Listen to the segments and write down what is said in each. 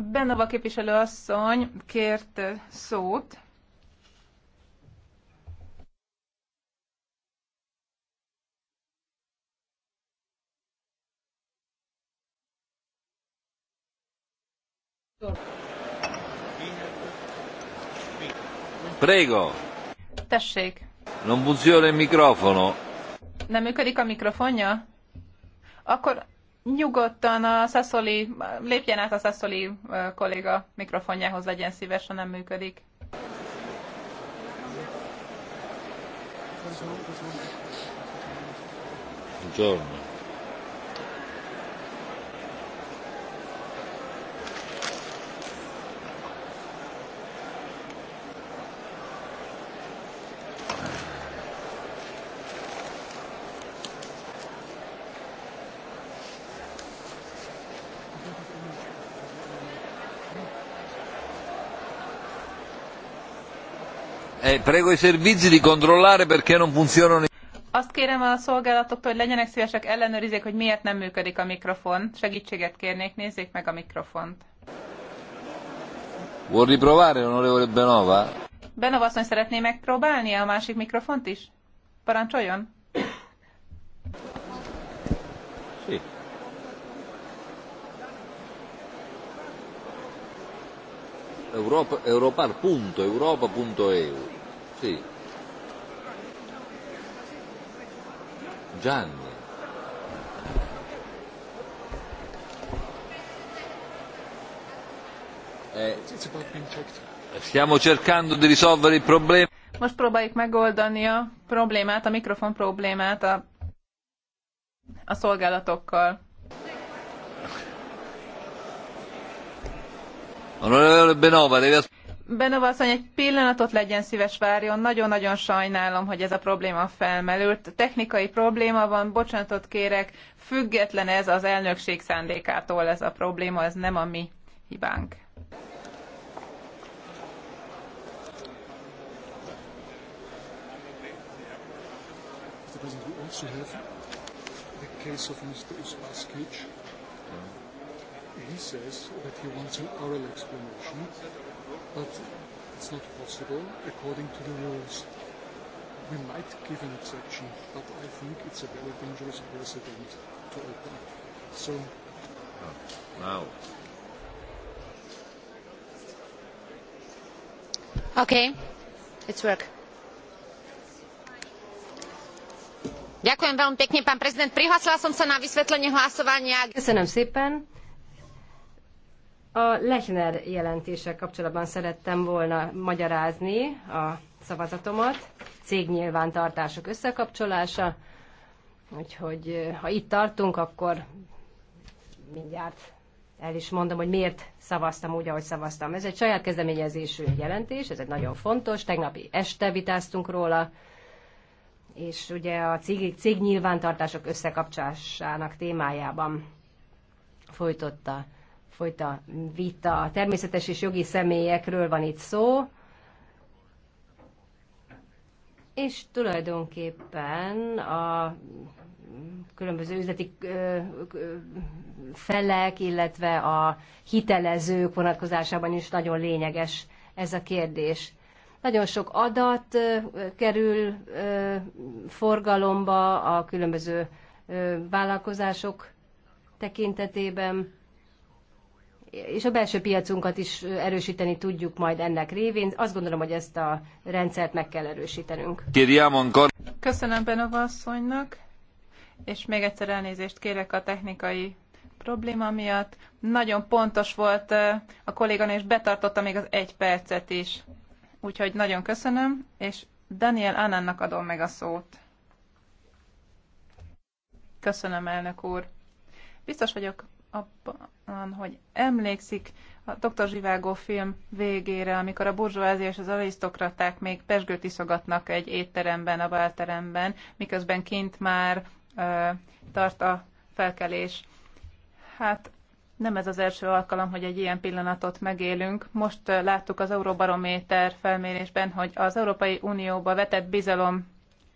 Benova képviselő asszony kért eh, szót. Prego. Tessék. Non funziona il microfono. Nem működik a mikrofonja? Akkor Nyugodtan a Szaszoli, lépjen át a Szaszoli kolléga mikrofonjához, legyen szíves, ha nem működik. Buongiorno. Eh, prego i servizi di controllare perché non funzionano. Azt kérem a szolgálatoktól, hogy legyenek szívesek, ellenőrizzék, hogy miért nem működik a mikrofon. Segítséget kérnék, nézzék meg a mikrofont. Vuol riprovare, onorevole Benova? Benova asszony szeretné megpróbálni a másik mikrofont is? Parancsoljon! Sí. Europa, Europar.europa.eu Sì. Gianni. Eh, stiamo cercando di risolvere il problema. Most próbáljuk megoldani a problémát, a mikrofon problémát a, a szolgálatokkal. Onorevole Benova, devi aspettare. Benova asszony, egy pillanatot legyen szíves várjon. Nagyon-nagyon sajnálom, hogy ez a probléma felmerült. Technikai probléma van, bocsánatot kérek. Független ez az elnökség szándékától ez a probléma, ez nem a mi hibánk. He says that he wants an oral explanation but it's not possible according to the rules. We might give an exception, but I think it's a very dangerous precedent to open. So. Oh, wow. Okay, it's work. Ďakujem veľmi pekne, pán prezident. Prihlásila som sa na vysvetlenie hlasovania. Köszönöm szépen. A Lechner jelentése kapcsolatban szerettem volna magyarázni a szavazatomat, cégnyilvántartások összekapcsolása, úgyhogy ha itt tartunk, akkor mindjárt el is mondom, hogy miért szavaztam úgy, ahogy szavaztam. Ez egy saját kezdeményezésű jelentés, ez egy nagyon fontos, tegnapi este vitáztunk róla, és ugye a cég, cégnyilvántartások összekapcsásának témájában folytotta folyt a vita. Természetes és jogi személyekről van itt szó, és tulajdonképpen a különböző üzleti felek, illetve a hitelezők vonatkozásában is nagyon lényeges ez a kérdés. Nagyon sok adat kerül forgalomba a különböző vállalkozások tekintetében és a belső piacunkat is erősíteni tudjuk majd ennek révén. Azt gondolom, hogy ezt a rendszert meg kell erősítenünk. Köszönöm Benova asszonynak, és még egyszer elnézést kérek a technikai probléma miatt. Nagyon pontos volt a kolléganő, és betartotta még az egy percet is. Úgyhogy nagyon köszönöm, és Daniel Anannak adom meg a szót. Köszönöm, elnök úr. Biztos vagyok abban, hogy emlékszik a Dr. Zsivágó film végére, amikor a burzsóázi és az arisztokraták még pesgőt iszogatnak egy étteremben, a bálteremben, miközben kint már ö, tart a felkelés. Hát nem ez az első alkalom, hogy egy ilyen pillanatot megélünk. Most láttuk az Euróbarométer felmérésben, hogy az Európai Unióba vetett bizalom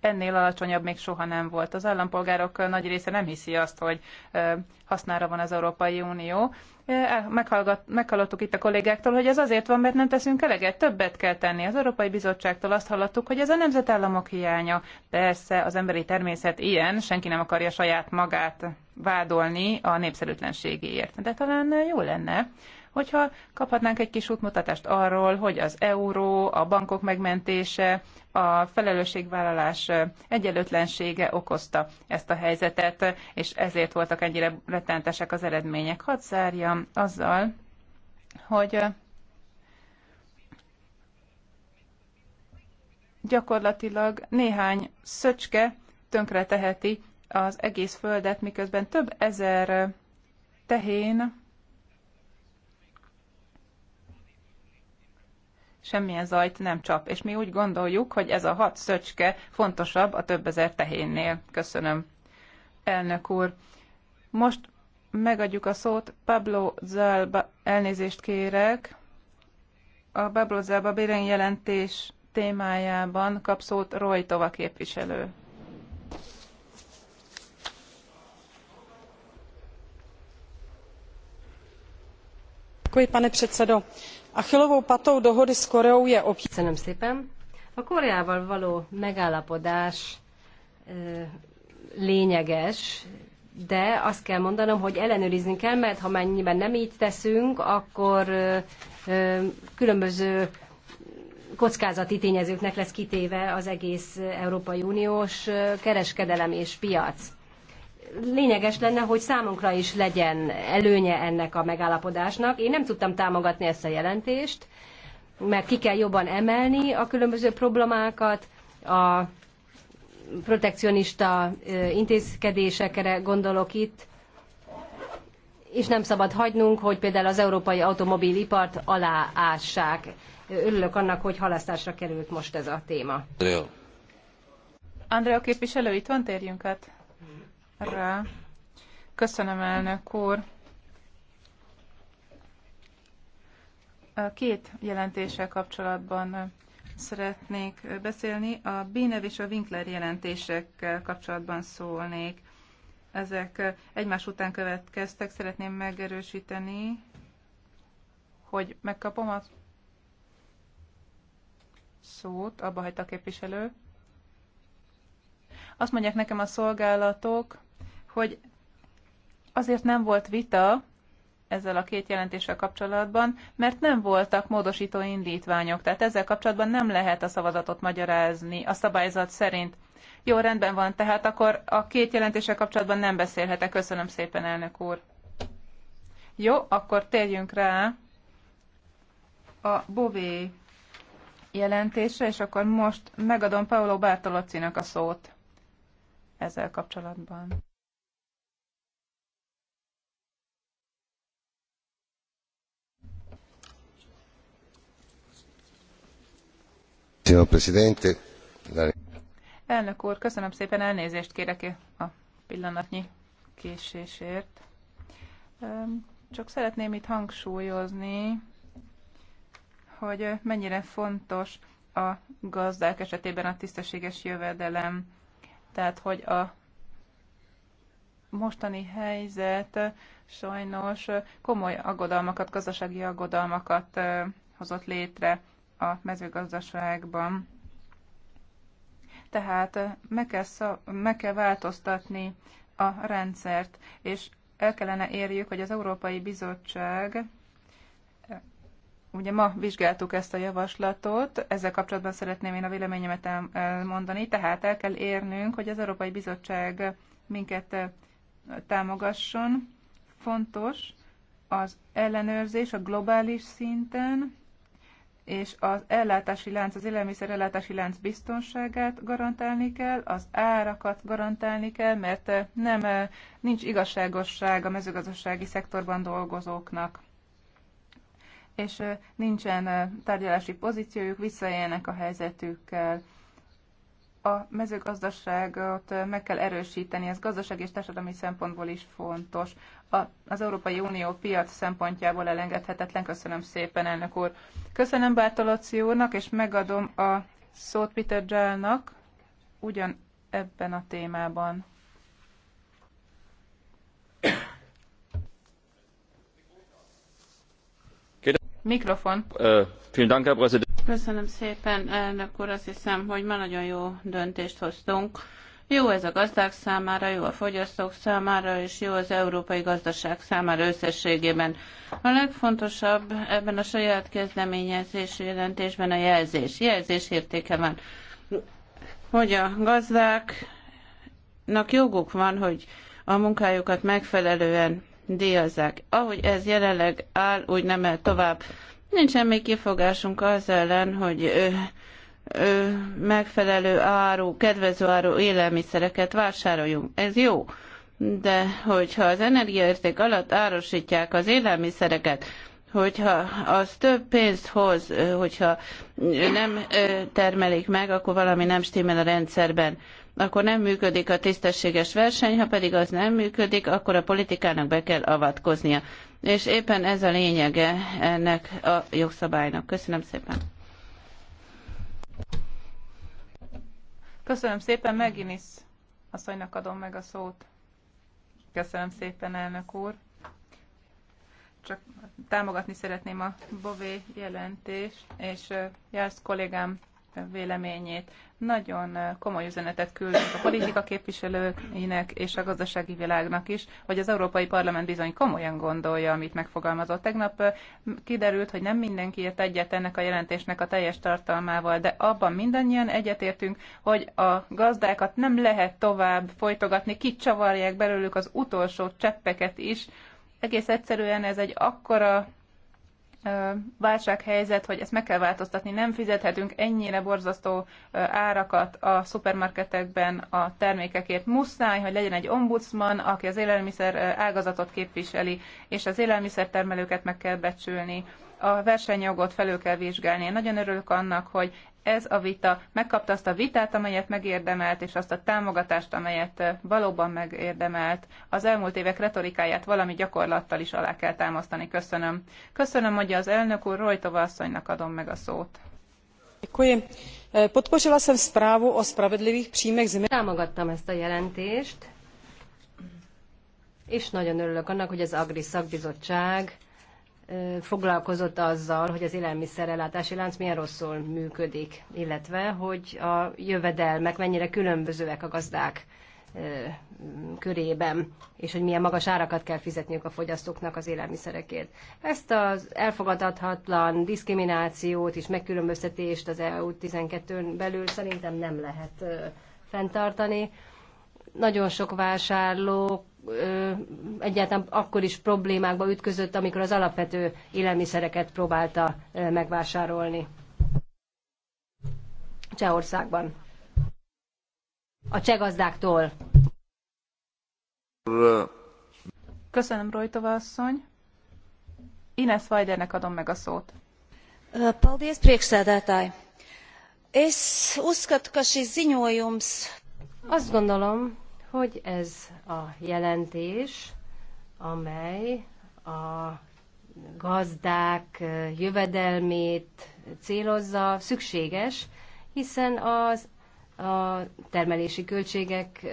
ennél alacsonyabb még soha nem volt. Az állampolgárok nagy része nem hiszi azt, hogy hasznára van az Európai Unió. Meghallottuk itt a kollégáktól, hogy ez azért van, mert nem teszünk eleget, többet kell tenni. Az Európai Bizottságtól azt hallottuk, hogy ez a nemzetállamok hiánya. Persze, az emberi természet ilyen, senki nem akarja saját magát vádolni a népszerűtlenségéért. De talán jó lenne, Hogyha kaphatnánk egy kis útmutatást arról, hogy az euró, a bankok megmentése, a felelősségvállalás egyenlőtlensége okozta ezt a helyzetet, és ezért voltak ennyire rettentesek az eredmények. Hadd zárjam azzal, hogy gyakorlatilag néhány szöcske tönkre teheti az egész földet, miközben több ezer tehén semmilyen zajt nem csap, és mi úgy gondoljuk, hogy ez a hat szöcske fontosabb a több ezer tehénnél. Köszönöm. Elnök úr, most megadjuk a szót Pablo Zalba, elnézést kérek. A Pablo Zalba Béren jelentés témájában kap szót Rojtova képviselő. achillovou patou dohody s koreou je a Koreával való megállapodás lényeges, de azt kell mondanom, hogy ellenőrizni kell, mert ha mennyiben nem így teszünk, akkor különböző kockázati tényezőknek lesz kitéve az egész Európai Uniós kereskedelem és piac lényeges lenne, hogy számunkra is legyen előnye ennek a megállapodásnak. Én nem tudtam támogatni ezt a jelentést, mert ki kell jobban emelni a különböző problémákat, a protekcionista intézkedésekre gondolok itt, és nem szabad hagynunk, hogy például az európai automobilipart aláássák. Örülök annak, hogy halasztásra került most ez a téma. Jó. Andrea képviselő, itt van térjünk át rá. Köszönöm, elnök úr. Két jelentéssel kapcsolatban szeretnék beszélni. A Bénev és a Winkler jelentésekkel kapcsolatban szólnék. Ezek egymás után következtek. Szeretném megerősíteni, hogy megkapom a szót, abba hagyta a képviselő. Azt mondják nekem a szolgálatok, hogy azért nem volt vita ezzel a két jelentéssel kapcsolatban, mert nem voltak módosító indítványok, tehát ezzel kapcsolatban nem lehet a szavazatot magyarázni a szabályzat szerint. Jó, rendben van, tehát akkor a két jelentéssel kapcsolatban nem beszélhetek. Köszönöm szépen, elnök úr. Jó, akkor térjünk rá a Bové jelentésre, és akkor most megadom Paolo Bártolocinak a szót ezzel kapcsolatban. Elnök úr, köszönöm szépen, elnézést kérek a pillanatnyi késésért. Csak szeretném itt hangsúlyozni, hogy mennyire fontos a gazdák esetében a tisztességes jövedelem. Tehát, hogy a mostani helyzet sajnos komoly aggodalmakat, gazdasági aggodalmakat hozott létre a mezőgazdaságban. Tehát eh, meg kell, szav, meg kell változtatni a rendszert, és el kellene érjük, hogy az Európai Bizottság eh, Ugye ma vizsgáltuk ezt a javaslatot, ezzel kapcsolatban szeretném én a véleményemet elmondani, tehát el kell érnünk, hogy az Európai Bizottság minket eh, támogasson. Fontos az ellenőrzés a globális szinten, és az ellátási lánc, az élelmiszer ellátási lánc biztonságát garantálni kell, az árakat garantálni kell, mert eh, nem, eh, nincs igazságosság a mezőgazdasági szektorban dolgozóknak és eh, nincsen tárgyalási pozíciójuk, visszaélnek a helyzetükkel a mezőgazdaságot meg kell erősíteni, ez gazdaság és társadalmi szempontból is fontos. A, az Európai Unió piac szempontjából elengedhetetlen. Köszönöm szépen, elnök úr. Köszönöm Bártoloczi úrnak, és megadom a szót Peter Zsálnak ugyan ebben a témában. Mikrofon. Uh, vielen Dank, Herr Präsident. Köszönöm szépen, elnök úr. Azt hiszem, hogy ma nagyon jó döntést hoztunk. Jó ez a gazdák számára, jó a fogyasztók számára, és jó az európai gazdaság számára összességében. A legfontosabb ebben a saját kezdeményezésű jelentésben a jelzés. Jelzés értéke van, hogy a gazdáknak joguk van, hogy a munkájukat megfelelően díjazzák. Ahogy ez jelenleg áll, úgy nem el tovább. Nincs még kifogásunk az ellen, hogy ö, ö, megfelelő áru, kedvező áru élelmiszereket vásároljunk. Ez jó. De hogyha az energiaérték alatt árosítják az élelmiszereket, hogyha az több pénzt hoz, hogyha nem termelik meg, akkor valami nem stimmel a rendszerben akkor nem működik a tisztességes verseny, ha pedig az nem működik, akkor a politikának be kell avatkoznia és éppen ez a lényege ennek a jogszabálynak. Köszönöm szépen. Köszönöm szépen, Meginis asszonynak adom meg a szót. Köszönöm szépen, elnök úr. Csak támogatni szeretném a Bové jelentést, és Jász kollégám véleményét. Nagyon komoly üzenetet küldünk a politika képviselőinek és a gazdasági világnak is, hogy az Európai Parlament bizony komolyan gondolja, amit megfogalmazott. Tegnap kiderült, hogy nem mindenki ért egyet ennek a jelentésnek a teljes tartalmával, de abban mindannyian egyetértünk, hogy a gazdákat nem lehet tovább folytogatni, kicsavarják belőlük az utolsó cseppeket is. Egész egyszerűen ez egy akkora válsághelyzet, hogy ezt meg kell változtatni, nem fizethetünk ennyire borzasztó árakat a szupermarketekben a termékekért. Muszáj, hogy legyen egy ombudsman, aki az élelmiszer ágazatot képviseli, és az élelmiszertermelőket meg kell becsülni a versenyjogot felül kell vizsgálni. Én nagyon örülök annak, hogy ez a vita megkapta azt a vitát, amelyet megérdemelt, és azt a támogatást, amelyet valóban megérdemelt. Az elmúlt évek retorikáját valami gyakorlattal is alá kell támasztani. Köszönöm. Köszönöm, hogy az elnök úr Rojtova asszonynak adom meg a szót. E, Támogattam ezt a jelentést, és nagyon örülök annak, hogy az Agri Szakbizottság foglalkozott azzal, hogy az élelmiszerellátási lánc milyen rosszul működik, illetve hogy a jövedelmek mennyire különbözőek a gazdák körében, és hogy milyen magas árakat kell fizetniük a fogyasztóknak az élelmiszerekért. Ezt az elfogadhatatlan diszkriminációt és megkülönböztetést az EU12-n belül szerintem nem lehet fenntartani. Nagyon sok vásárlók egyáltalán akkor is problémákba ütközött, amikor az alapvető élelmiszereket próbálta megvásárolni Csehországban. A cseh gazdáktól. Köszönöm, Rojtova asszony. Ines Vajdernek adom meg a szót. Paldies, priekšsēdētāji. Es uzskatu, ka šis ziņojums... Azt gondolom, hogy ez a jelentés, amely a gazdák jövedelmét célozza, szükséges, hiszen az, a termelési költségek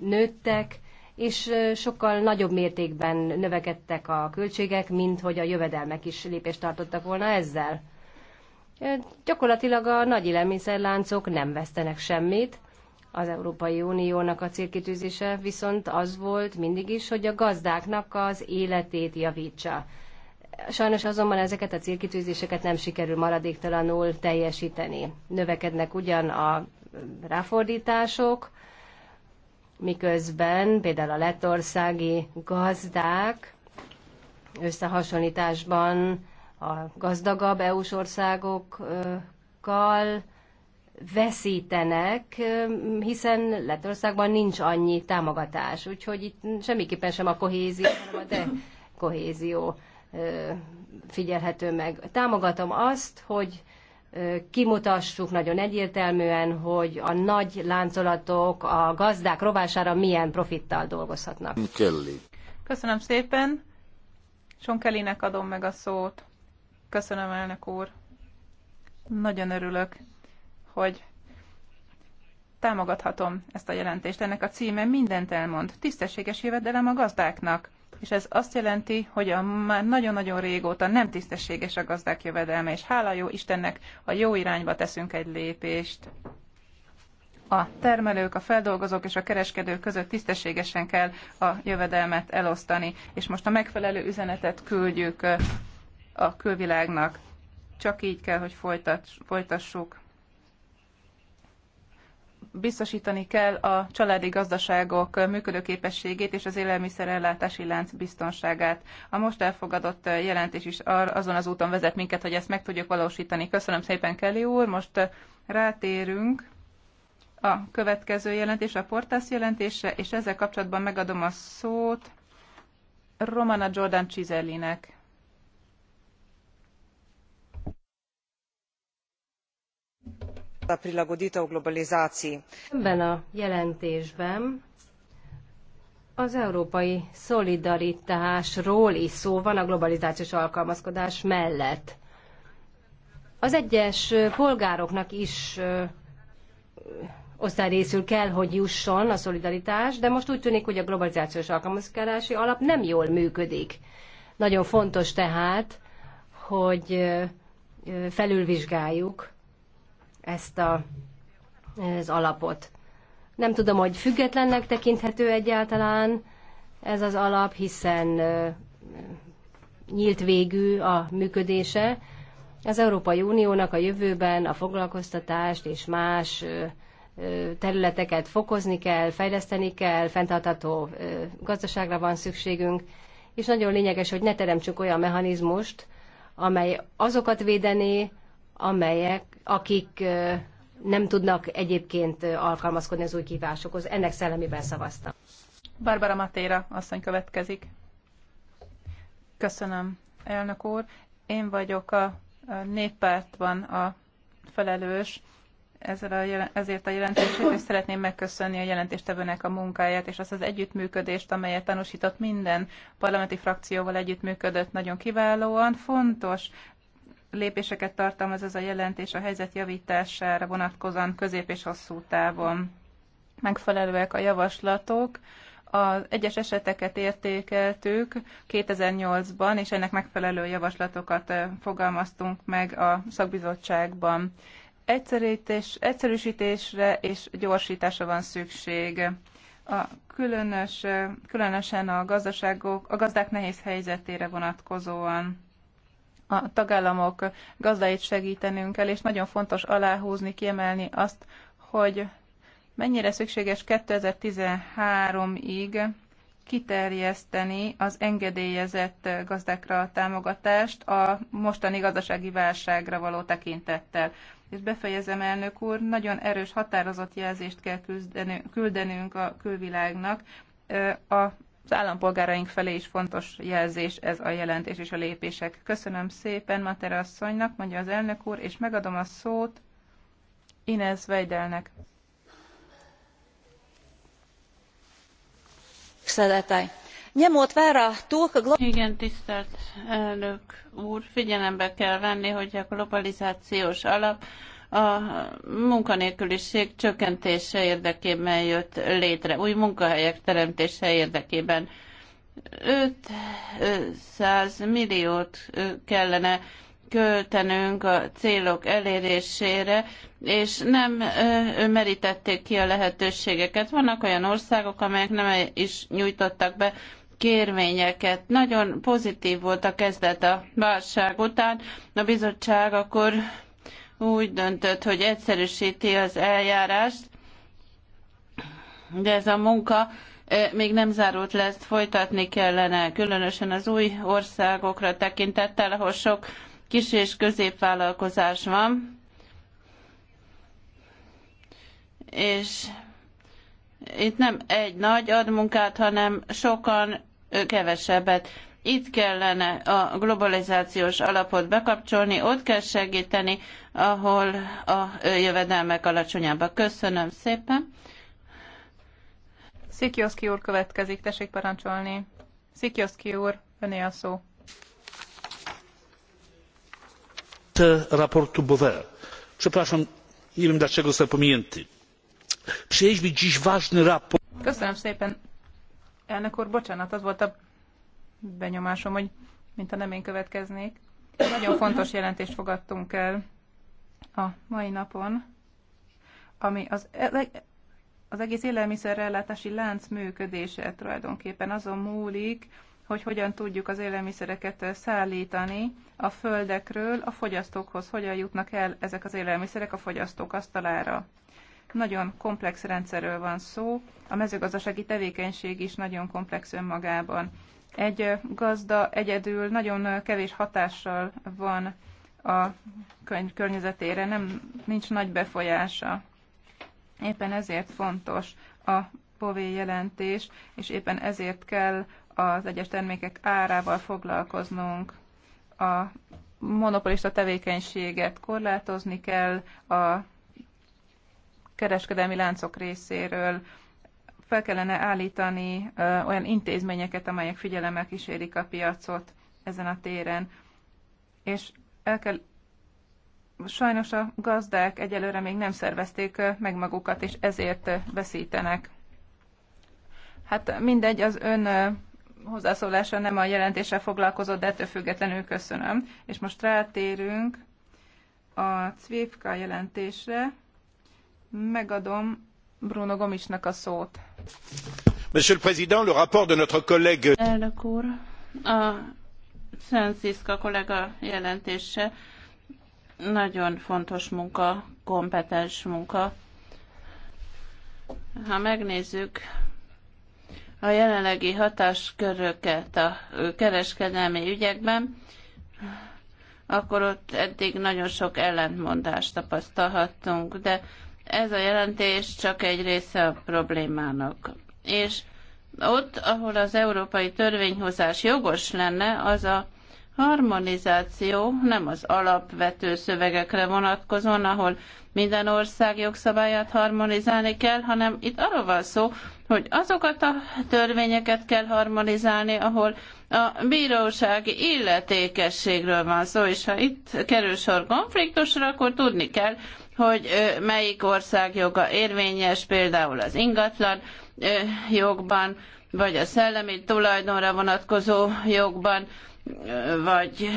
nőttek, és sokkal nagyobb mértékben növekedtek a költségek, mint hogy a jövedelmek is lépést tartottak volna ezzel. Gyakorlatilag a nagy élelmiszerláncok nem vesztenek semmit, az Európai Uniónak a célkitűzése viszont az volt mindig is, hogy a gazdáknak az életét javítsa. Sajnos azonban ezeket a célkitűzéseket nem sikerül maradéktalanul teljesíteni. Növekednek ugyan a ráfordítások, miközben például a lettországi gazdák összehasonlításban a gazdagabb EU-s országokkal veszítenek, hiszen Lettországban nincs annyi támogatás, úgyhogy itt semmiképpen sem a kohézió, hanem a de kohézió figyelhető meg. Támogatom azt, hogy kimutassuk nagyon egyértelműen, hogy a nagy láncolatok a gazdák rovására milyen profittal dolgozhatnak. Kelly. Köszönöm szépen. Son Kellynek adom meg a szót. Köszönöm, elnök úr. Nagyon örülök hogy támogathatom ezt a jelentést. Ennek a címe mindent elmond. Tisztességes jövedelem a gazdáknak. És ez azt jelenti, hogy a már nagyon-nagyon régóta nem tisztességes a gazdák jövedelme, és hála jó Istennek a jó irányba teszünk egy lépést. A termelők, a feldolgozók és a kereskedők között tisztességesen kell a jövedelmet elosztani, és most a megfelelő üzenetet küldjük a külvilágnak. Csak így kell, hogy folytassuk biztosítani kell a családi gazdaságok működőképességét és az élelmiszerellátási lánc biztonságát. A most elfogadott jelentés is azon az úton vezet minket, hogy ezt meg tudjuk valósítani. Köszönöm szépen, Kelly úr. Most uh, rátérünk a következő jelentés, a Portász jelentése, és ezzel kapcsolatban megadom a szót Romana Jordan Csizellinek. Ebben a jelentésben az európai szolidaritásról is szó van a globalizációs alkalmazkodás mellett. Az egyes polgároknak is osztályrészül kell, hogy jusson a szolidaritás, de most úgy tűnik, hogy a globalizációs alkalmazkodási alap nem jól működik. Nagyon fontos tehát, hogy felülvizsgáljuk ezt a, az alapot. Nem tudom, hogy függetlennek tekinthető egyáltalán ez az alap, hiszen nyílt végű a működése. Az Európai Uniónak a jövőben a foglalkoztatást és más területeket fokozni kell, fejleszteni kell, fenntartható gazdaságra van szükségünk, és nagyon lényeges, hogy ne teremtsünk olyan mechanizmust, amely azokat védené, amelyek, akik nem tudnak egyébként alkalmazkodni az új kívásokhoz. Ennek szellemében szavaztam. Barbara Matéra asszony következik. Köszönöm, elnök úr. Én vagyok a néppártban a felelős ezzel a ezért a jelentésért, és szeretném megköszönni a jelentéstevőnek a munkáját, és azt az együttműködést, amelyet tanúsított minden parlamenti frakcióval együttműködött nagyon kiválóan. Fontos lépéseket tartalmaz ez a jelentés a helyzet javítására vonatkozóan közép és hosszú távon. Megfelelőek a javaslatok. Az egyes eseteket értékeltük 2008-ban, és ennek megfelelő javaslatokat fogalmaztunk meg a szakbizottságban. Egyszerítés, egyszerűsítésre és gyorsításra van szükség. A különös, különösen a, gazdaságok, a gazdák nehéz helyzetére vonatkozóan a tagállamok gazdáit segítenünk kell, és nagyon fontos aláhúzni, kiemelni azt, hogy mennyire szükséges 2013-ig kiterjeszteni az engedélyezett gazdákra a támogatást a mostani gazdasági válságra való tekintettel. És befejezem, elnök úr, nagyon erős határozott jelzést kell küldenünk a külvilágnak a az állampolgáraink felé is fontos jelzés ez a jelentés és a lépések. Köszönöm szépen Matera asszonynak, mondja az elnök úr, és megadom a szót Inez Vejdelnek. a Igen, tisztelt elnök úr, figyelembe kell venni, hogy a globalizációs alap a munkanélküliség csökkentése érdekében jött létre, új munkahelyek teremtése érdekében. 500 milliót kellene költenünk a célok elérésére, és nem merítették ki a lehetőségeket. Vannak olyan országok, amelyek nem is nyújtottak be kérvényeket. Nagyon pozitív volt a kezdet a válság után. A bizottság akkor úgy döntött, hogy egyszerűsíti az eljárást, de ez a munka még nem zárult le, ezt folytatni kellene, különösen az új országokra tekintettel, ahol sok kis és középvállalkozás van, és itt nem egy nagy ad munkát, hanem sokan kevesebbet itt kellene a globalizációs alapot bekapcsolni, ott kell segíteni, ahol a jövedelmek alacsonyabbak. Köszönöm szépen. Szikioszki úr következik, tessék parancsolni. Szikioszki úr, öné a szó. raportu Bové. Przepraszam, nie wiem dlaczego został pominięty. Przyjęliśmy dziś ważny raport. Köszönöm szépen. Elnök úr, bocsánat, az volt a benyomásom, hogy mint a nem én következnék. Nagyon fontos jelentést fogadtunk el a mai napon, ami az, az egész élelmiszerellátási lánc működése tulajdonképpen azon múlik, hogy hogyan tudjuk az élelmiszereket szállítani a földekről a fogyasztókhoz, hogyan jutnak el ezek az élelmiszerek a fogyasztók asztalára. Nagyon komplex rendszerről van szó, a mezőgazdasági tevékenység is nagyon komplex önmagában. Egy gazda egyedül nagyon kevés hatással van a könyv környezetére, nem, nincs nagy befolyása. Éppen ezért fontos a pové jelentés, és éppen ezért kell az egyes termékek árával foglalkoznunk. A monopolista tevékenységet korlátozni kell a kereskedelmi láncok részéről, fel kellene állítani olyan intézményeket, amelyek figyelemmel kísérik a piacot ezen a téren. És el kell sajnos a gazdák egyelőre még nem szervezték meg magukat, és ezért veszítenek. Hát mindegy, az ön hozzászólása nem a jelentéssel foglalkozott, de ettől függetlenül köszönöm. És most rátérünk a Cvívka jelentésre. Megadom Bruno Gomisnak a szót. Monsieur le Président, le rapport de notre collègue... Elnök a kollega jelentése nagyon fontos munka, kompetens munka. Ha megnézzük a jelenlegi hatásköröket a kereskedelmi ügyekben, akkor ott eddig nagyon sok ellentmondást tapasztalhattunk, de ez a jelentés csak egy része a problémának. És ott, ahol az európai törvényhozás jogos lenne, az a harmonizáció nem az alapvető szövegekre vonatkozóan, ahol minden ország jogszabályát harmonizálni kell, hanem itt arról van szó, hogy azokat a törvényeket kell harmonizálni, ahol a bírósági illetékességről van szó, és ha itt kerül sor konfliktusra, akkor tudni kell, hogy melyik ország joga érvényes, például az ingatlan jogban, vagy a szellemi tulajdonra vonatkozó jogban, vagy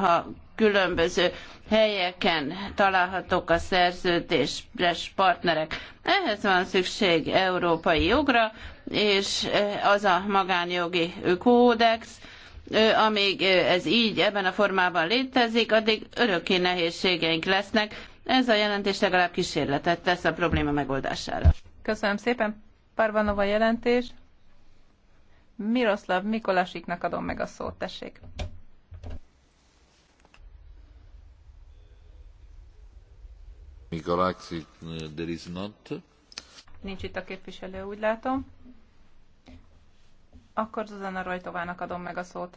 ha különböző helyeken találhatók a szerződéses partnerek. Ehhez van szükség európai jogra, és az a magánjogi kódex, amíg ez így ebben a formában létezik, addig örökké nehézségeink lesznek, ez a jelentés legalább kísérletet tesz a probléma megoldására. Köszönöm szépen. Parvanova jelentés. Miroslav Mikolasiknak adom meg a szót, tessék. Mikolásik, eh, there is not. Nincs itt a képviselő, úgy látom. Akkor Zuzana Rajtovának adom meg a szót.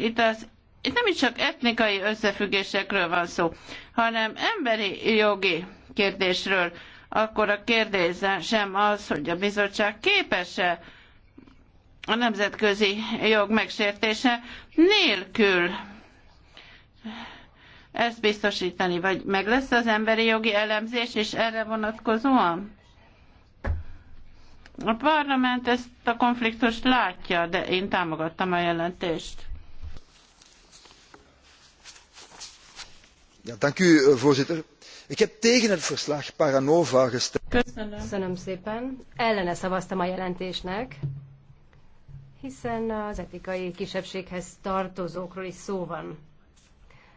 itt az itt nem is csak etnikai összefüggésekről van szó, hanem emberi jogi kérdésről, akkor a kérdésem sem az, hogy a bizottság képes-e a nemzetközi jog megsértése nélkül ezt biztosítani, vagy meg lesz az emberi jogi elemzés, és erre vonatkozóan? A parlament ezt a konfliktust látja, de én támogattam a jelentést. Ja, dank u, eh, voorzitter. Ik heb tegen het verslag Paranova gestemd. Köszönöm. Köszönöm szépen. Ellene szavaztam a jelentésnek, hiszen az etikai kisebbséghez tartozókról is szó van.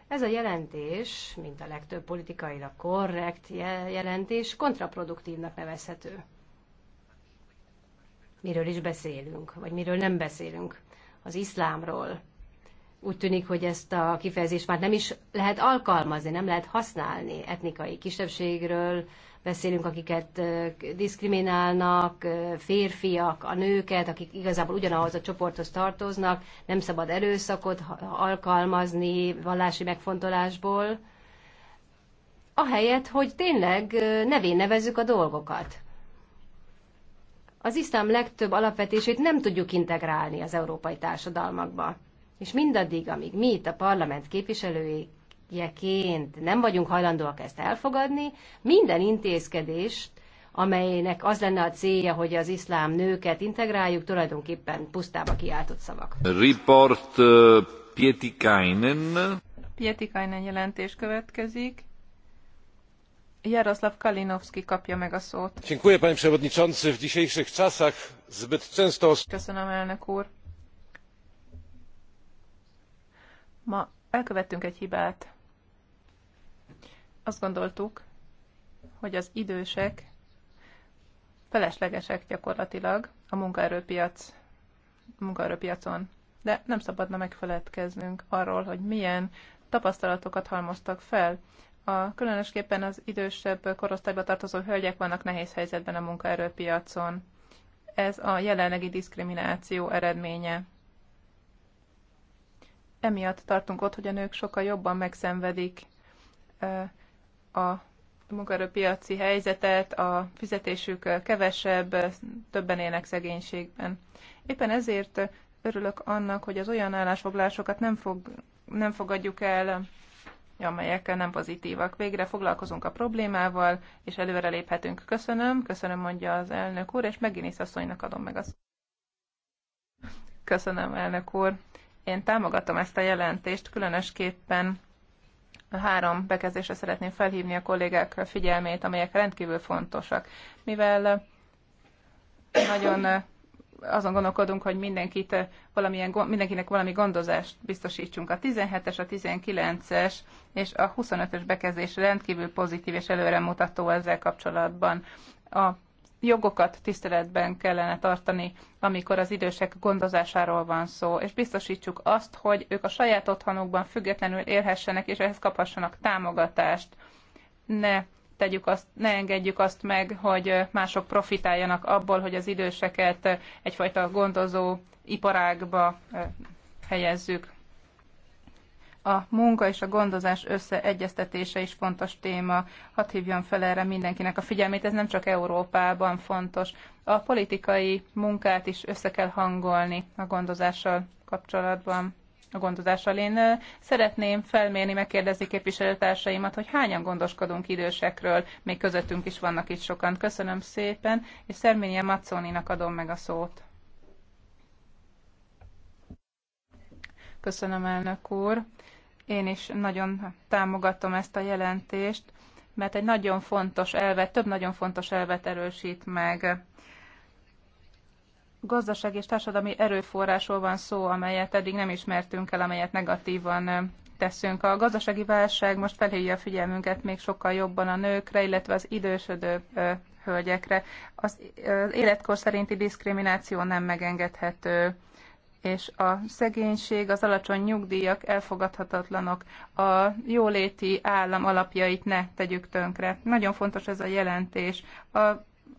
Ez a jelentés, mint a legtöbb politikailag korrekt jelentés, kontraproduktívnak nevezhető miről is beszélünk, vagy miről nem beszélünk, az iszlámról. Úgy tűnik, hogy ezt a kifejezést már nem is lehet alkalmazni, nem lehet használni. Etnikai kisebbségről beszélünk, akiket diszkriminálnak, férfiak, a nőket, akik igazából ugyanahoz a csoporthoz tartoznak, nem szabad erőszakot alkalmazni vallási megfontolásból, ahelyett, hogy tényleg nevén nevezzük a dolgokat az iszlám legtöbb alapvetését nem tudjuk integrálni az európai társadalmakba. És mindaddig, amíg mi itt a parlament képviselőjeként nem vagyunk hajlandóak ezt elfogadni, minden intézkedést, amelynek az lenne a célja, hogy az iszlám nőket integráljuk, tulajdonképpen pusztába kiáltott szavak. Report uh, Pietikainen. Pietikainen jelentés következik. Kalinowski kapja meg a szót. Dziękuję, panie przewodniczący. W dzisiejszych czasach zbyt często... Köszönöm, elnök úr. Ma elkövettünk egy hibát. Azt gondoltuk, hogy az idősek feleslegesek gyakorlatilag a munkaerőpiac, munkaerőpiacon. De nem szabadna megfeledkeznünk arról, hogy milyen tapasztalatokat halmoztak fel a, különösképpen az idősebb korosztályba tartozó hölgyek vannak nehéz helyzetben a munkaerőpiacon. Ez a jelenlegi diszkrimináció eredménye. Emiatt tartunk ott, hogy a nők sokkal jobban megszenvedik a munkaerőpiaci helyzetet, a fizetésük kevesebb, többen élnek szegénységben. Éppen ezért örülök annak, hogy az olyan állásfoglásokat nem, fog, nem fogadjuk el amelyek nem pozitívak. Végre foglalkozunk a problémával, és előre léphetünk. Köszönöm, köszönöm, mondja az elnök úr, és megint asszonynak adom meg azt. Köszönöm, elnök úr. Én támogatom ezt a jelentést, különösképpen három bekezdésre szeretném felhívni a kollégák figyelmét, amelyek rendkívül fontosak. Mivel nagyon azon gondolkodunk, hogy mindenkit eh, valamilyen, mindenkinek valami gondozást biztosítsunk. A 17-es, a 19-es és a 25-ös bekezdés rendkívül pozitív és előremutató ezzel kapcsolatban. A jogokat tiszteletben kellene tartani, amikor az idősek gondozásáról van szó, és biztosítsuk azt, hogy ők a saját otthonukban függetlenül élhessenek, és ehhez kaphassanak támogatást. Ne tegyük azt, ne engedjük azt meg, hogy mások profitáljanak abból, hogy az időseket egyfajta gondozó iparágba helyezzük. A munka és a gondozás összeegyeztetése is fontos téma. Hadd hívjam fel erre mindenkinek a figyelmét, ez nem csak Európában fontos. A politikai munkát is össze kell hangolni a gondozással kapcsolatban a gondozással. Én szeretném felmérni, megkérdezni képviselőtársaimat, hogy hányan gondoskodunk idősekről, még közöttünk is vannak itt sokan. Köszönöm szépen, és Szerménye Maconinak adom meg a szót. Köszönöm, elnök úr. Én is nagyon támogatom ezt a jelentést, mert egy nagyon fontos elvet, több nagyon fontos elvet erősít meg gazdaság és társadalmi erőforrásról van szó, amelyet eddig nem ismertünk el, amelyet negatívan teszünk. A gazdasági válság most felhívja a figyelmünket még sokkal jobban a nőkre, illetve az idősödő hölgyekre. Az életkor szerinti diszkrimináció nem megengedhető és a szegénység, az alacsony nyugdíjak elfogadhatatlanok, a jóléti állam alapjait ne tegyük tönkre. Nagyon fontos ez a jelentés. A,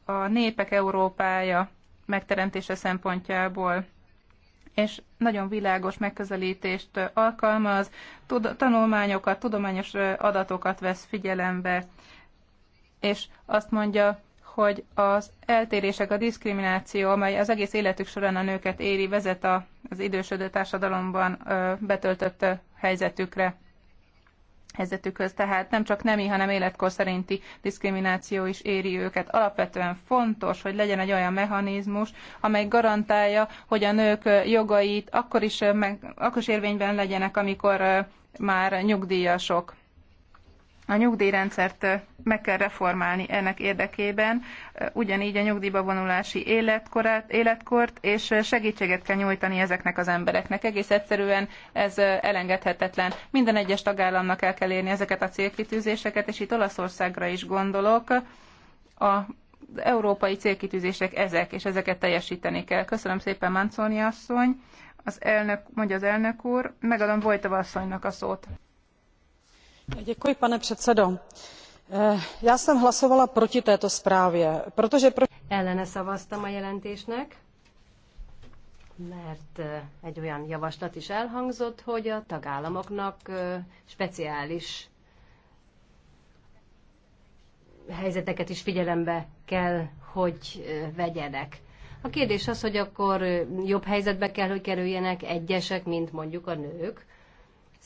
a népek Európája megteremtése szempontjából és nagyon világos megközelítést alkalmaz, tud, tanulmányokat, tudományos adatokat vesz figyelembe, és azt mondja, hogy az eltérések, a diszkrimináció, amely az egész életük során a nőket éri, vezet az idősödő társadalomban betöltött helyzetükre helyzetükhöz, tehát nem csak nemi, hanem életkor szerinti diszkrimináció is éri őket. Alapvetően fontos, hogy legyen egy olyan mechanizmus, amely garantálja, hogy a nők jogait akkor is, meg, akkor is érvényben legyenek, amikor már nyugdíjasok a nyugdíjrendszert meg kell reformálni ennek érdekében, ugyanígy a nyugdíjba vonulási életkorát, életkort, és segítséget kell nyújtani ezeknek az embereknek. Egész egyszerűen ez elengedhetetlen. Minden egyes tagállamnak el kell érni ezeket a célkitűzéseket, és itt Olaszországra is gondolok. A európai célkitűzések ezek, és ezeket teljesíteni kell. Köszönöm szépen, Mancóni asszony. Az elnök, mondja az elnök úr, megadom Vojtova asszonynak a szót pane předsedající eh, já jsem hlasovala proti této zprávě protože. ellene szavaztam a jelentésnek mert eh, egy olyan javaslat is elhangzott hogy a tagállamoknak eh, speciális helyzeteket is figyelembe kell hogy vegyenek. A kérdés az, hogy akkor jobb helyzetbe kell, hogy kerüljenek egyesek, mint mondjuk a nők,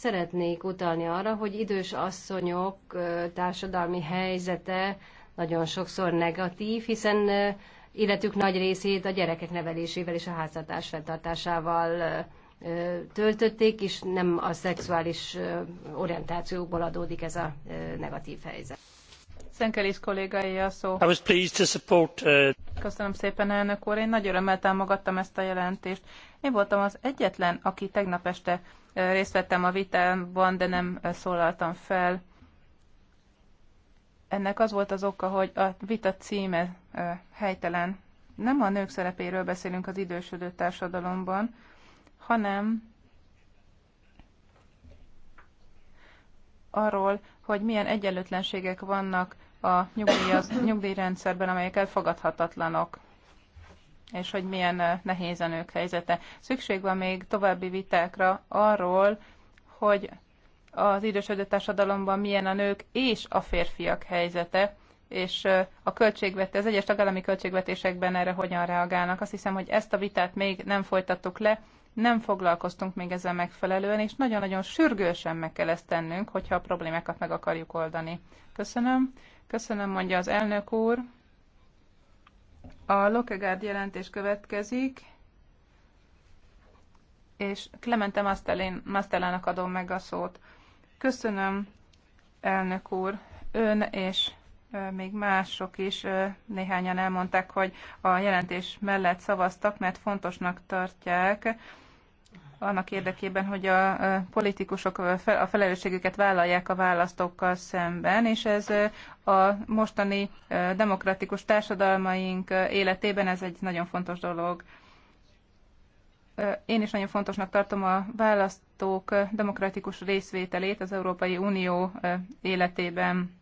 Szeretnék utalni arra, hogy idős asszonyok társadalmi helyzete nagyon sokszor negatív, hiszen életük nagy részét a gyerekek nevelésével és a háztartás fenntartásával töltötték, és nem a szexuális orientációkból adódik ez a negatív helyzet. I was pleased to support, uh, szépen, Én nagy örömmel támogattam ezt a jelentést. Én voltam az egyetlen, aki tegnap este részt vettem a vitában, de nem szólaltam fel. Ennek az volt az oka, hogy a vita címe helytelen. Nem a nők szerepéről beszélünk az idősödő társadalomban, hanem arról, hogy milyen egyenlőtlenségek vannak a nyugdíjaz, nyugdíjrendszerben, amelyek elfogadhatatlanok, és hogy milyen nehéz a nők helyzete. Szükség van még további vitákra arról, hogy az idősödő társadalomban milyen a nők és a férfiak helyzete, és a költségvet, az egyes tagállami költségvetésekben erre hogyan reagálnak. Azt hiszem, hogy ezt a vitát még nem folytattuk le, nem foglalkoztunk még ezzel megfelelően, és nagyon-nagyon sürgősen meg kell ezt tennünk, hogyha a problémákat meg akarjuk oldani. Köszönöm. Köszönöm, mondja az elnök úr. A Lokegárd jelentés következik, és Clemente Mastellának adom meg a szót. Köszönöm, elnök úr, ön és még mások is néhányan elmondták, hogy a jelentés mellett szavaztak, mert fontosnak tartják annak érdekében, hogy a politikusok a felelősségüket vállalják a választókkal szemben, és ez a mostani demokratikus társadalmaink életében ez egy nagyon fontos dolog. Én is nagyon fontosnak tartom a választók demokratikus részvételét az Európai Unió életében.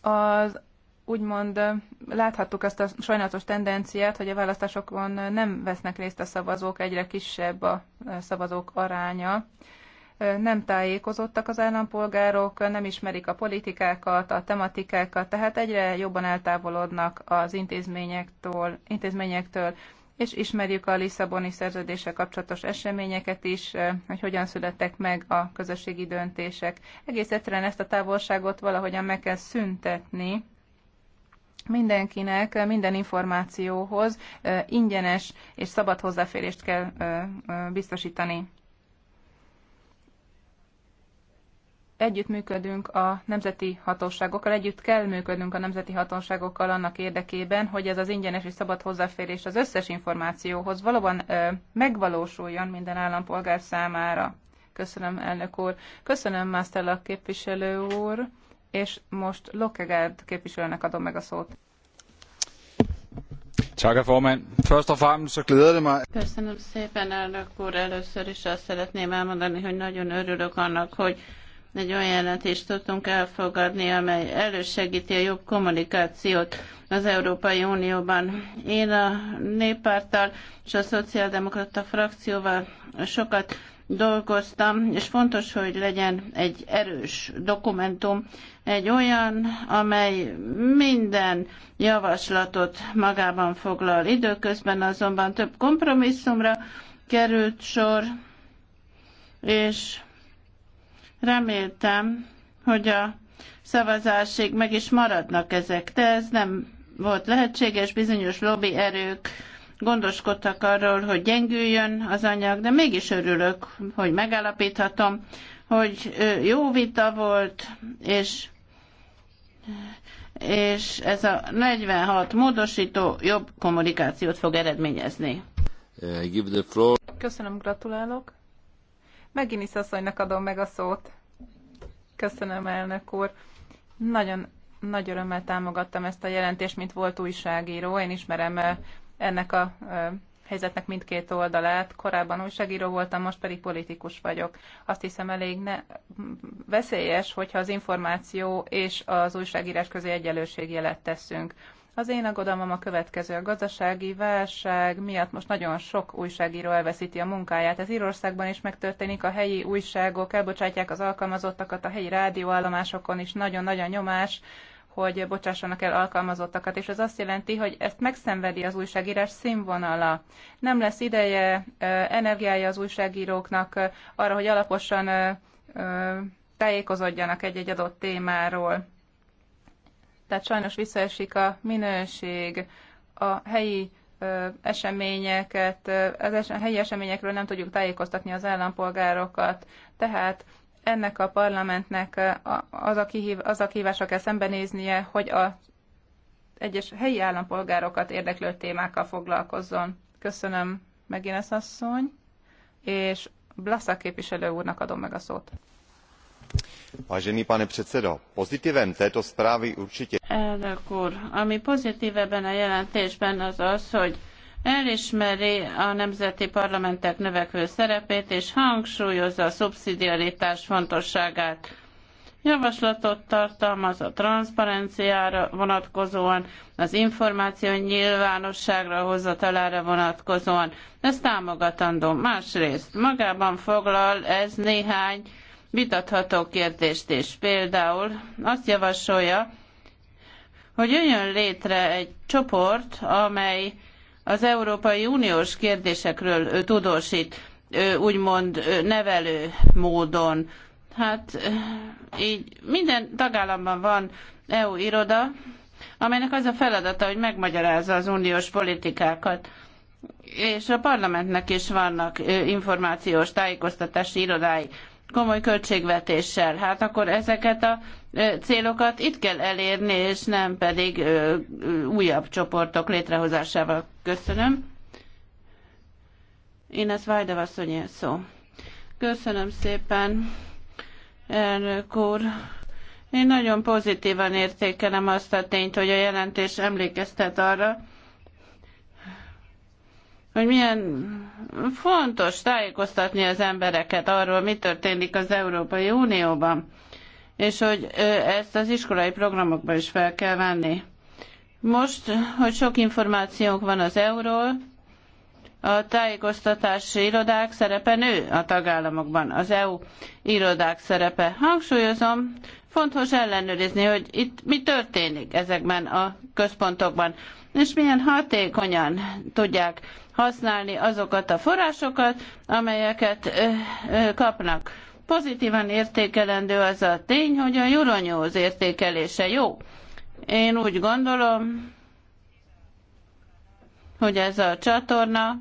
Az úgymond láthattuk ezt a sajnálatos tendenciát, hogy a választásokon nem vesznek részt a szavazók, egyre kisebb a szavazók aránya. Nem tájékozottak az állampolgárok, nem ismerik a politikákat, a tematikákat, tehát egyre jobban eltávolodnak az intézményektől, intézményektől és ismerjük a Lisszaboni szerződése kapcsolatos eseményeket is, hogy hogyan születtek meg a közösségi döntések. Egész egyszerűen ezt a távolságot valahogyan meg kell szüntetni, mindenkinek minden információhoz ingyenes és szabad hozzáférést kell biztosítani. Együttműködünk a nemzeti hatóságokkal, együtt kell működnünk a nemzeti hatóságokkal annak érdekében, hogy ez az ingyenes és szabad hozzáférés az összes információhoz valóban megvalósuljon minden állampolgár számára. Köszönöm, elnök úr. Köszönöm, Mászterlak képviselő úr és most Lokkegaard képviselőnek adom meg a szót. Tak, a formand. Først og fremmest Köszönöm szépen, elnök úr. Először is azt szeretném elmondani, hogy nagyon örülök annak, hogy egy olyan jelentést tudtunk elfogadni, amely elősegíti a jobb kommunikációt az Európai Unióban. Én a néppárttal és a szociáldemokrata frakcióval sokat dolgoztam, és fontos, hogy legyen egy erős dokumentum, egy olyan, amely minden javaslatot magában foglal. Időközben azonban több kompromisszumra került sor, és reméltem, hogy a szavazásig meg is maradnak ezek, de ez nem volt lehetséges, bizonyos lobby erők gondoskodtak arról, hogy gyengüljön az anyag, de mégis örülök, hogy megállapíthatom, hogy jó vita volt, és és ez a 46 módosító jobb kommunikációt fog eredményezni. Uh, Köszönöm, gratulálok. Megint is asszonynak adom meg a szót. Köszönöm, elnök úr. Nagyon nagy örömmel támogattam ezt a jelentést, mint volt újságíró. Én ismerem ennek a helyzetnek mindkét oldalát. Korábban újságíró voltam, most pedig politikus vagyok. Azt hiszem elég ne, veszélyes, hogyha az információ és az újságírás közé jelet teszünk. Az én aggodalmam a következő. A gazdasági válság miatt most nagyon sok újságíró elveszíti a munkáját. Ez Írországban is megtörténik, a helyi újságok elbocsátják az alkalmazottakat, a helyi rádióállomásokon is nagyon-nagyon nyomás hogy bocsássanak el alkalmazottakat, és ez azt jelenti, hogy ezt megszenvedi az újságírás színvonala. Nem lesz ideje, energiája az újságíróknak arra, hogy alaposan tájékozódjanak egy-egy adott témáról. Tehát sajnos visszaesik a minőség, a helyi eseményeket, az es- helyi eseményekről nem tudjuk tájékoztatni az állampolgárokat, tehát ennek a parlamentnek az a, kihív, az a kihívásra kell szembenéznie, hogy a egyes helyi állampolgárokat érdeklő témákkal foglalkozzon. Köszönöm ezt asszony, és Blasza képviselő úrnak adom meg a szót. Vážený pane předsedo, pozitívem této zprávy určitě... Elnök úr, ami pozitív ebben a jelentésben az az, hogy elismeri a nemzeti parlamentek növekvő szerepét és hangsúlyozza a szubszidiaritás fontosságát. Javaslatot tartalmaz a transzparenciára vonatkozóan, az információ nyilvánosságra hozatalára vonatkozóan. Ez támogatandó. Másrészt magában foglal ez néhány vitatható kérdést is. Például azt javasolja, hogy jöjjön létre egy csoport, amely az Európai Uniós kérdésekről tudósít, úgymond nevelő módon. Hát így minden tagállamban van EU iroda, amelynek az a feladata, hogy megmagyarázza az uniós politikákat. És a parlamentnek is vannak információs tájékoztatási irodái komoly költségvetéssel. Hát akkor ezeket a célokat itt kell elérni, és nem pedig újabb csoportok létrehozásával. Köszönöm. Ines Vajda asszony szó. Köszönöm szépen, elnök úr. Én nagyon pozitívan értékelem azt a tényt, hogy a jelentés emlékeztet arra, hogy milyen fontos tájékoztatni az embereket arról, mi történik az Európai Unióban, és hogy ezt az iskolai programokban is fel kell venni. Most, hogy sok információnk van az euról, a tájékoztatási irodák szerepe nő a tagállamokban, az EU irodák szerepe. Hangsúlyozom, fontos ellenőrizni, hogy itt mi történik ezekben a központokban, és milyen hatékonyan tudják használni azokat a forrásokat, amelyeket kapnak. Pozitívan értékelendő az a tény, hogy a juronyóz értékelése jó. Én úgy gondolom, hogy ez a csatorna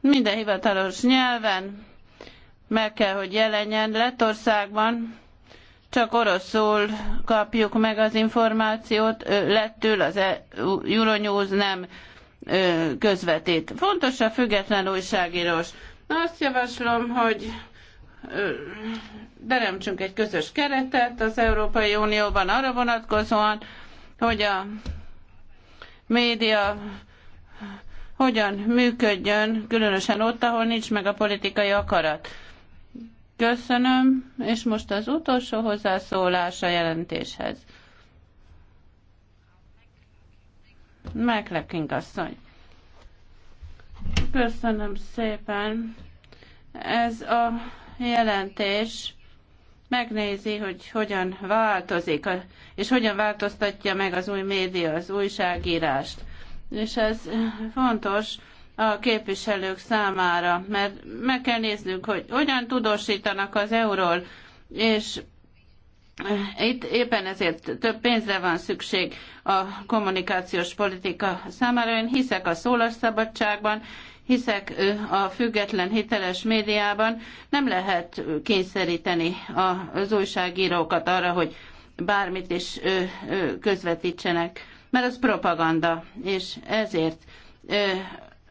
minden hivatalos nyelven meg kell, hogy jelenjen Lettországban, csak oroszul kapjuk meg az információt, lettül az e- Euronews nem közvetít. Fontos a független újságírós. Azt javaslom, hogy teremtsünk egy közös keretet az Európai Unióban arra vonatkozóan, hogy a média hogyan működjön, különösen ott, ahol nincs meg a politikai akarat. Köszönöm, és most az utolsó hozzászólás a jelentéshez. Meglepking asszony. Köszönöm szépen. Ez a jelentés megnézi, hogy hogyan változik, és hogyan változtatja meg az új média, az újságírást. És ez fontos a képviselők számára, mert meg kell néznünk, hogy hogyan tudósítanak az euról, és itt éppen ezért több pénzre van szükség a kommunikációs politika számára. Én hiszek a szólásszabadságban, hiszek a független hiteles médiában. Nem lehet kényszeríteni az újságírókat arra, hogy bármit is közvetítsenek, mert az propaganda, és ezért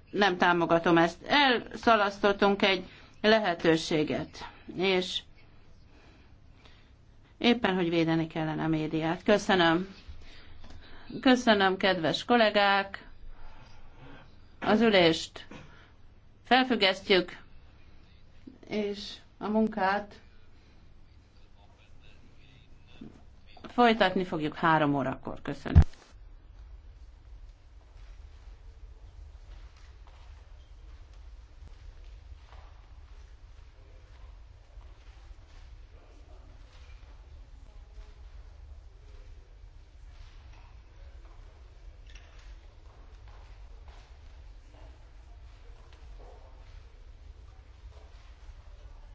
nem támogatom ezt. Elszalasztottunk egy lehetőséget, és Éppen, hogy védeni kellene a médiát. Köszönöm. Köszönöm, kedves kollégák. Az ülést felfüggesztjük, és a munkát folytatni fogjuk három órakor. Köszönöm.